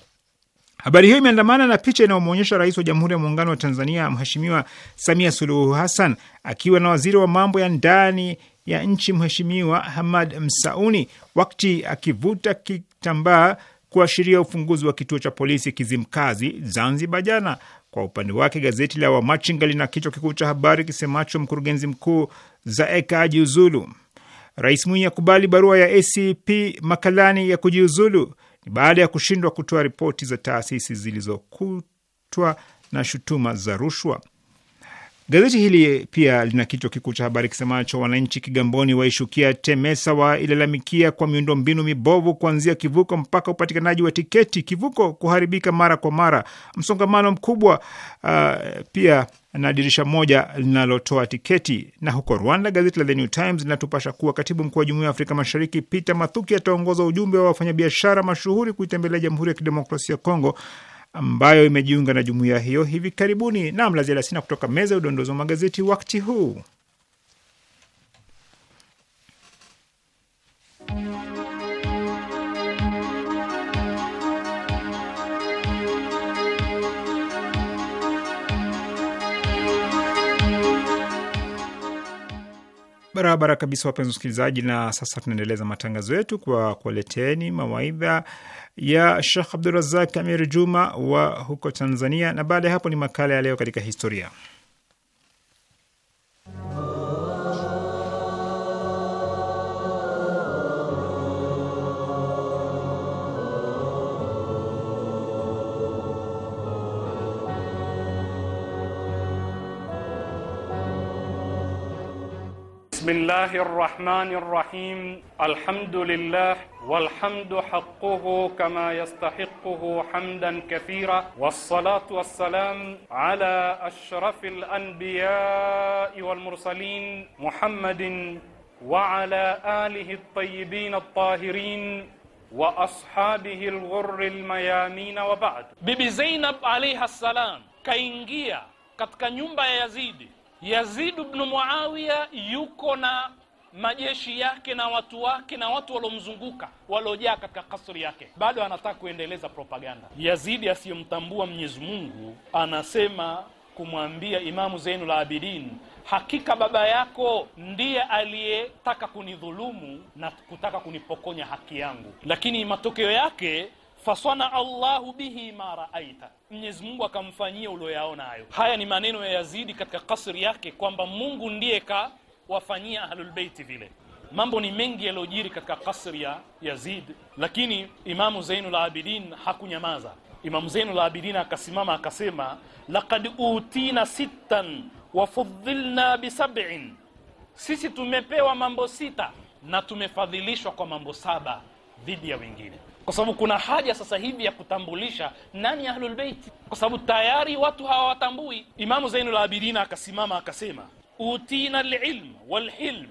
Habari hiyo imeandamana na picha inayomwonyesha rais wa Jamhuri ya Muungano wa Tanzania Mheshimiwa Samia Suluhu Hassan akiwa na waziri wa mambo ya ndani ya nchi Mheshimiwa Hamad Msauni wakati akivuta kitambaa kuashiria ufunguzi wa kituo cha polisi Kizimkazi, Zanzibar jana. Kwa upande wake gazeti la Wamachinga lina kichwa kikuu cha habari kisemacho mkurugenzi mkuu Zaeka ajiuzulu. Rais Mwinyi akubali barua ya ACP Makalani ya kujiuzulu baada ya kushindwa kutoa ripoti za taasisi zilizokutwa na shutuma za rushwa. Gazeti hili pia lina kichwa kikuu cha habari kisemacho wananchi Kigamboni waishukia TEMESA wailalamikia kwa miundombinu mibovu kuanzia kivuko mpaka upatikanaji wa tiketi, kivuko kuharibika mara kwa mara, msongamano mkubwa uh, pia na dirisha moja linalotoa tiketi. Na huko Rwanda, gazeti la The New Times linatupasha kuwa katibu mkuu wa Jumuiya ya Afrika Mashariki Peter Mathuki ataongoza ujumbe wa wafanyabiashara mashuhuri kuitembelea Jamhuri ya Kidemokrasia ya Kongo ambayo imejiunga na jumuiya hiyo hivi karibuni. Naam, la ziada sina kutoka meza ya udondozi wa magazeti wakati huu. barabara kabisa, wapenzi wasikilizaji. Na sasa tunaendeleza matangazo yetu kwa kuwaleteni mawaidha ya Shekh Abdurazak Amir Juma wa huko Tanzania, na baada ya hapo ni makala ya leo katika historia بسم الله الرحمن الرحيم الحمد لله والحمد حقه كما يستحقه حمدا كثيرا والصلاة والسلام على أشرف الأنبياء والمرسلين محمد وعلى آله الطيبين الطاهرين وأصحابه الغر الميامين وبعد بيبي زينب عليها السلام كينجيا katika nyumba ya Yazidi Yazid bnu Muawiya yuko na majeshi yake na watu wake na watu waliomzunguka waliojaa katika kasri yake, bado anataka kuendeleza propaganda. Yazidi asiyemtambua Mwenyezi Mungu anasema kumwambia Imamu Zainul Abidin, hakika baba yako ndiye aliyetaka kunidhulumu na kutaka kunipokonya haki yangu, lakini matokeo yake fasana Allahu bihi ma raaita, Mwenyezi Mungu akamfanyia ulioyaona hayo. Haya ni maneno ya Yazidi katika kasri yake kwamba Mungu ndiye kawafanyia ahlul vile. Mambo ni mengi yaliyojiri katika kasri ya Yazid, lakini Imamu Zainul Abidin hakunyamaza. Imamu Zainul Abidin akasimama akasema, laqad utina sittan wa bisabin bi sab'in, sisi tumepewa mambo sita na tumefadhilishwa kwa mambo saba dhidi ya wengine kwa sababu kuna haja sasa hivi ya kutambulisha nani ahlulbeiti, kwa sababu tayari watu hawawatambui. Imamu Zainul Abidina akasimama akasema, utina lilm walhilm,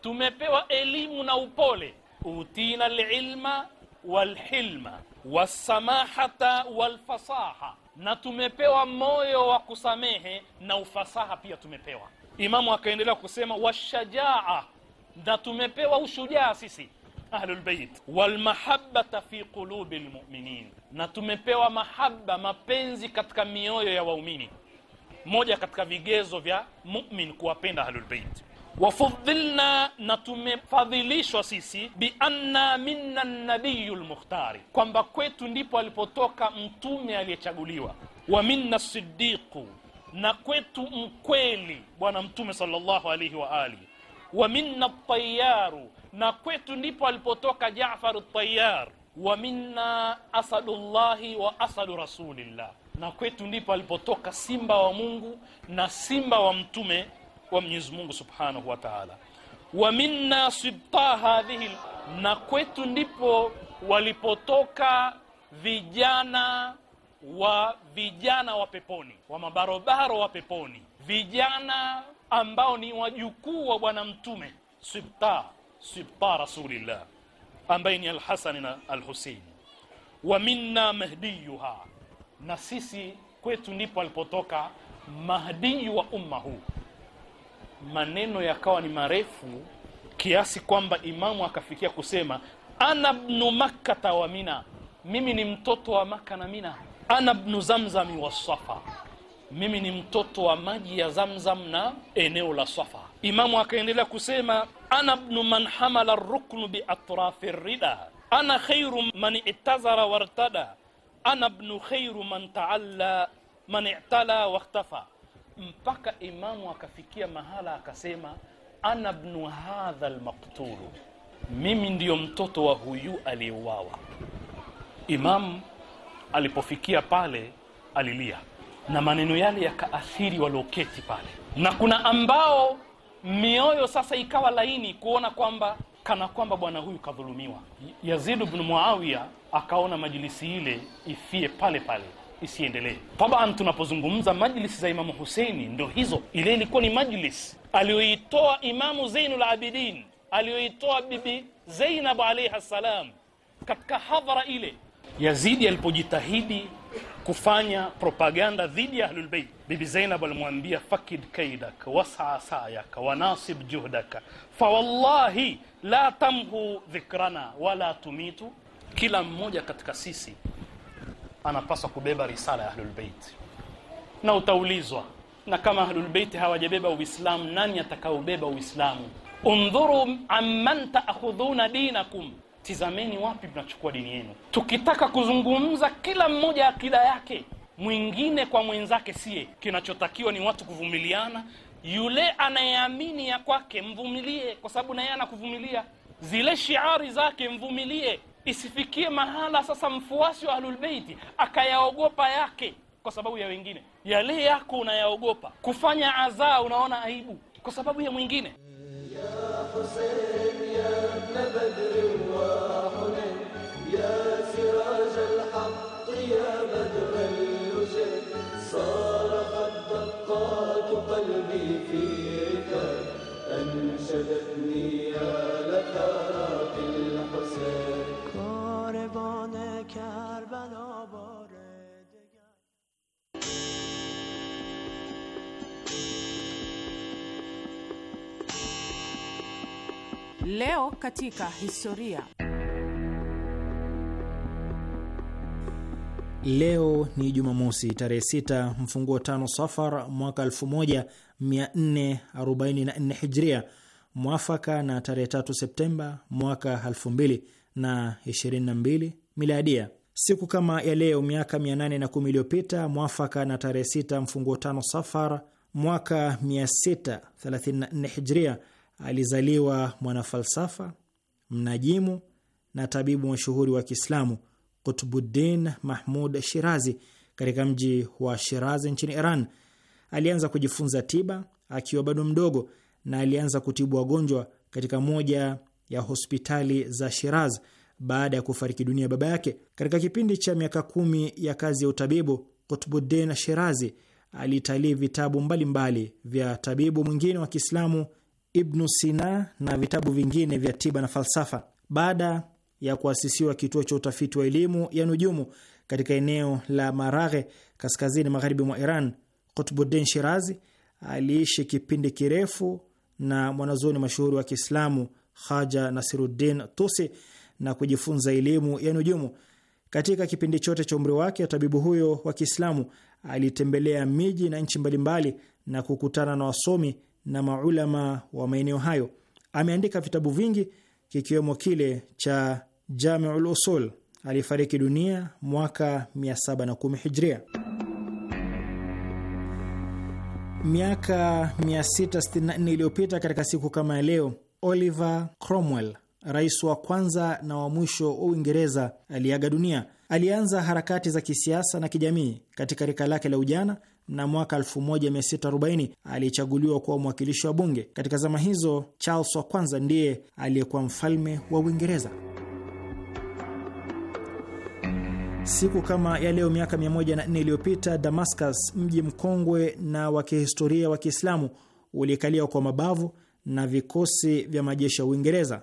tumepewa elimu na upole. Utina lilma walhilma wasamahata walfasaha, na tumepewa moyo wa kusamehe na ufasaha pia tumepewa. Imamu akaendelea kusema washajaa, na tumepewa ushujaa sisi ahlulbeit walmahabata fi qulubi lmuminin na tumepewa mahaba, mapenzi katika mioyo ya waumini, moja katika vigezo vya mu'min kuwapenda ahlulbeit. Wafudhilna, na tumefadhilishwa sisi, bianna minna nabiyu lmukhtari, kwamba kwetu ndipo alipotoka mtume aliyechaguliwa, wa minna sidiqu, na kwetu mkweli bwana mtume sallallahu alaihi wa alihi, wa minna tayaru na kwetu ndipo alipotoka Jaafar tayar tayyar wa minna asadullahi wa asadu rasulillah, na kwetu ndipo alipotoka simba wa Mungu na simba wa mtume wa Mwenyezi Mungu subhanahu wa ta'ala. Wa minna sibta hadhihi, na kwetu ndipo walipotoka vijana wa vijana wa peponi, wa mabarobaro wa peponi, vijana ambao ni wajukuu wa bwana mtume sibta sibta rasulillah ambaye ni alhasani na al wa minna mahdiyuha na sisi kwetu ndipo alipotoka mahdi wa umma huu maneno yakawa ni marefu kiasi kwamba imamu akafikia kusema ana bnu makkata wa mina mimi ni mtoto wa maka na mina ana bnu zamzami wa safa mimi ni mtoto wa maji ya zamzam na eneo la safa Imamu akaendelea kusema ana bnu man hamala ruknu bi atrafi rida ana khairu man itazara wartada ana bnu khairu man taalla man i'tala wakhtafa, mpaka imamu akafikia mahala akasema ana bnu hadha lmaktulu mimi ndiyo mtoto wa huyu aliyeuawa. Imamu alipofikia pale alilia, na maneno yale yakaathiri walioketi pale, na kuna ambao mioyo sasa ikawa laini kuona kwamba kana kwamba bwana huyu kadhulumiwa. Yazidu bnu Muawiya akaona majilisi ile ifie pale pale isiendelee. Taban, tunapozungumza majlisi za Imamu Huseini ndo hizo. Ile ilikuwa ni majlisi aliyoitoa Imamu Zainul Abidin, aliyoitoa Bibi Zainab alaihi ssalam katika hadhara ile. Yazidi alipojitahidi kufanya propaganda dhidi ya Ahlul Bait. Bibi Zainab alimwambia fakid kaidaka wasaa sayaka wanasib juhdaka fawallahi la tamhu dhikrana wala tumitu. Kila mmoja katika sisi anapaswa kubeba risala ya Ahlul Bait, na utaulizwa na kama Ahlul Bait hawajabeba Uislamu, nani atakaobeba Uislamu? Undhuru amman taakhudhuna dinakum tizameni wapi mnachukua dini yenu. Tukitaka kuzungumza kila mmoja akida yake mwingine kwa mwenzake siye, kinachotakiwa ni watu kuvumiliana. Yule anayeamini ya kwake mvumilie, kwa sababu naye anakuvumilia. Zile shiari zake mvumilie, isifikie mahala sasa mfuasi wa Ahlulbeiti akayaogopa yake kwa sababu ya wengine. Yale yako unayaogopa kufanya, adhaa unaona aibu kwa sababu ya mwingine ya Hussein, ya Leo katika historia. Leo ni Jumamosi tarehe 6 mfunguo tano Safar mwaka 1444 Hijria, mwafaka na tarehe 3 Septemba mwaka 2022 Miladia. Siku kama ya leo miaka 810 iliyopita, mwafaka na tarehe 6 mfunguo tano Safar mwaka 634 Hijria, alizaliwa mwanafalsafa, mnajimu na tabibu mashuhuri wa Kiislamu Kutbuddin Mahmud Shirazi katika mji wa Shirazi nchini Iran. Alianza kujifunza tiba akiwa bado mdogo na alianza kutibu wagonjwa katika moja ya hospitali za Shiraz baada ya kufariki dunia baba yake. Katika kipindi cha miaka kumi ya kazi ya utabibu, Kutbuddin Shirazi alitalii vitabu mbalimbali mbali vya tabibu mwingine wa Kiislamu Ibnu Sina na vitabu vingine vya tiba na falsafa. Baada ya kuasisiwa kituo cha utafiti wa elimu ya nujumu katika eneo la Maraghe, kaskazini magharibi mwa Iran, Kutbuddin Shirazi aliishi kipindi kirefu na mwanazuoni mashuhuri wa Kiislamu Haja Nasiruddin Tusi na kujifunza elimu ya nujumu. Katika kipindi chote cha umri wake, tabibu huyo wa Kiislamu alitembelea miji na nchi mbalimbali na kukutana na wasomi na maulama wa maeneo hayo. Ameandika vitabu vingi kikiwemo kile cha Jamiul Usul. Alifariki dunia mwaka 710 Hijria. Miaka 664 iliyopita katika siku kama ya leo, Oliver Cromwell, rais wa kwanza na wa mwisho wa Uingereza, aliaga dunia. Alianza harakati za kisiasa na kijamii katika rika lake la ujana na mwaka 1640 alichaguliwa kuwa mwakilishi wa bunge. Katika zama hizo, Charles wa kwanza ndiye aliyekuwa mfalme wa Uingereza. Siku kama ya leo miaka 104 iliyopita, Damascus, mji mkongwe na wa kihistoria wa Kiislamu, ulikaliwa kwa mabavu na vikosi vya majeshi ya Uingereza.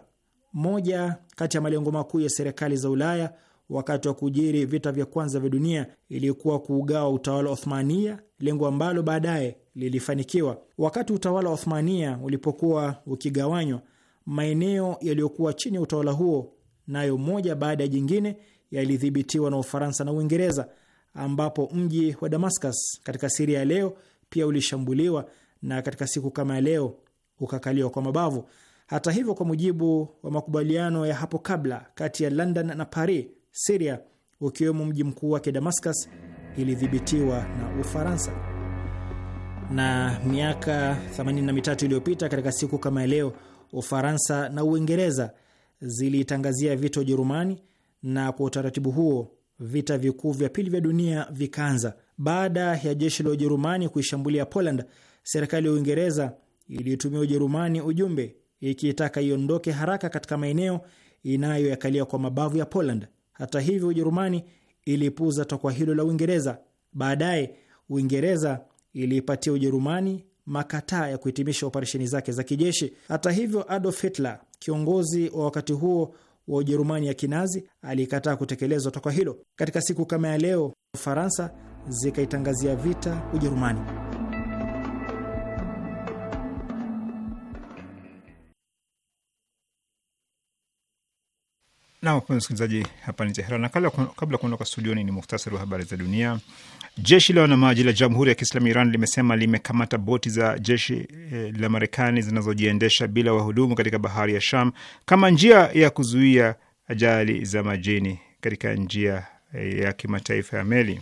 Moja kati ya malengo makuu ya serikali za Ulaya wakati wa kujiri vita vya kwanza vya dunia ilikuwa kuugawa utawala wa Othmania, lengo ambalo baadaye lilifanikiwa. Wakati utawala wa Othmania ulipokuwa ukigawanywa, maeneo yaliyokuwa chini ya utawala huo nayo moja baada ya jingine yalidhibitiwa na Ufaransa na Uingereza, ambapo mji wa Damascus katika Siria ya leo pia ulishambuliwa na katika siku kama ya leo ukakaliwa kwa mabavu. Hata hivyo, kwa mujibu wa makubaliano ya hapo kabla kati ya London na Paris, Siria ukiwemo mji mkuu wake Damascus ilidhibitiwa na Ufaransa. Na miaka 83 iliyopita katika siku kama leo, Ufaransa na Uingereza zilitangazia vita Ujerumani, na kwa utaratibu huo vita vikuu vya pili vya dunia vikaanza. Baada ya jeshi la Ujerumani kuishambulia Poland, serikali ya Uingereza iliitumia Ujerumani ujumbe ikiitaka iondoke haraka katika maeneo inayoyakalia kwa mabavu ya Poland. Hata hivyo, Ujerumani ilipuuza takwa hilo la Uingereza. Baadaye Uingereza iliipatia Ujerumani makataa ya kuhitimisha operesheni zake za kijeshi. Hata hivyo, Adolf Hitler, kiongozi wa wakati huo wa Ujerumani ya Kinazi, alikataa kutekelezwa takwa hilo. Katika siku kama ya leo, Ufaransa zikaitangazia vita Ujerumani. Na wapenzi msikilizaji, hapa ni Teheran na kabla ya kuondoka studioni ni muhtasari wa habari za dunia. Jeshi la wanamaji la Jamhuri ya Kiislamu Iran limesema limekamata boti za jeshi eh, la Marekani zinazojiendesha bila wahudumu katika bahari ya Sham kama njia ya kuzuia ajali za majini katika njia eh, ya kimataifa ya meli.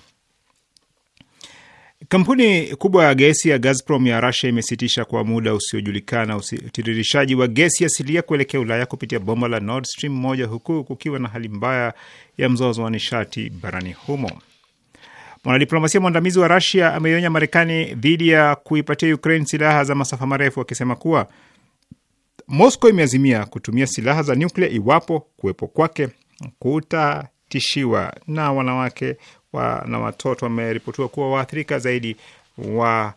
Kampuni kubwa ya gesi ya Gazprom ya Rusia imesitisha kwa muda usiojulikana utiririshaji wa gesi asilia kuelekea Ulaya kupitia bomba la Nord Stream moja huku kukiwa na hali mbaya ya mzozo wa nishati barani humo. Mwanadiplomasia mwandamizi wa rasia ameionya Marekani dhidi ya kuipatia Ukraine silaha za masafa marefu, akisema kuwa Moscow imeazimia kutumia silaha za nyuklia iwapo kuwepo kwake kutatishiwa na wanawake wa, na watoto wameripotiwa kuwa waathirika zaidi wa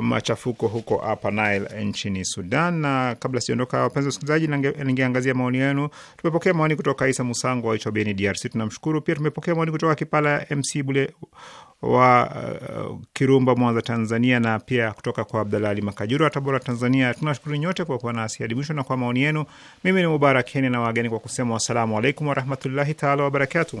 machafuko huko Upper Nile nchini Sudan. Na kabla sijaondoka, wapenzi wasikilizaji, ningeangazia maoni yenu. Tumepokea maoni kutoka Isa Musango wa Ichobeni, DRC, tunamshukuru. Pia tumepokea maoni kutoka Kipala MC Bule wa uh, Kirumba, Mwanza, Tanzania, na pia kutoka kwa Abdalali Makajuru wa Tabora, Tanzania. Tunashukuru nyote kwa kuwa nasi hadi mwisho na kwa maoni yenu. Mimi ni Mubarakeni na wageni kwa kusema wassalamu alaikum warahmatullahi taala wabarakatuh.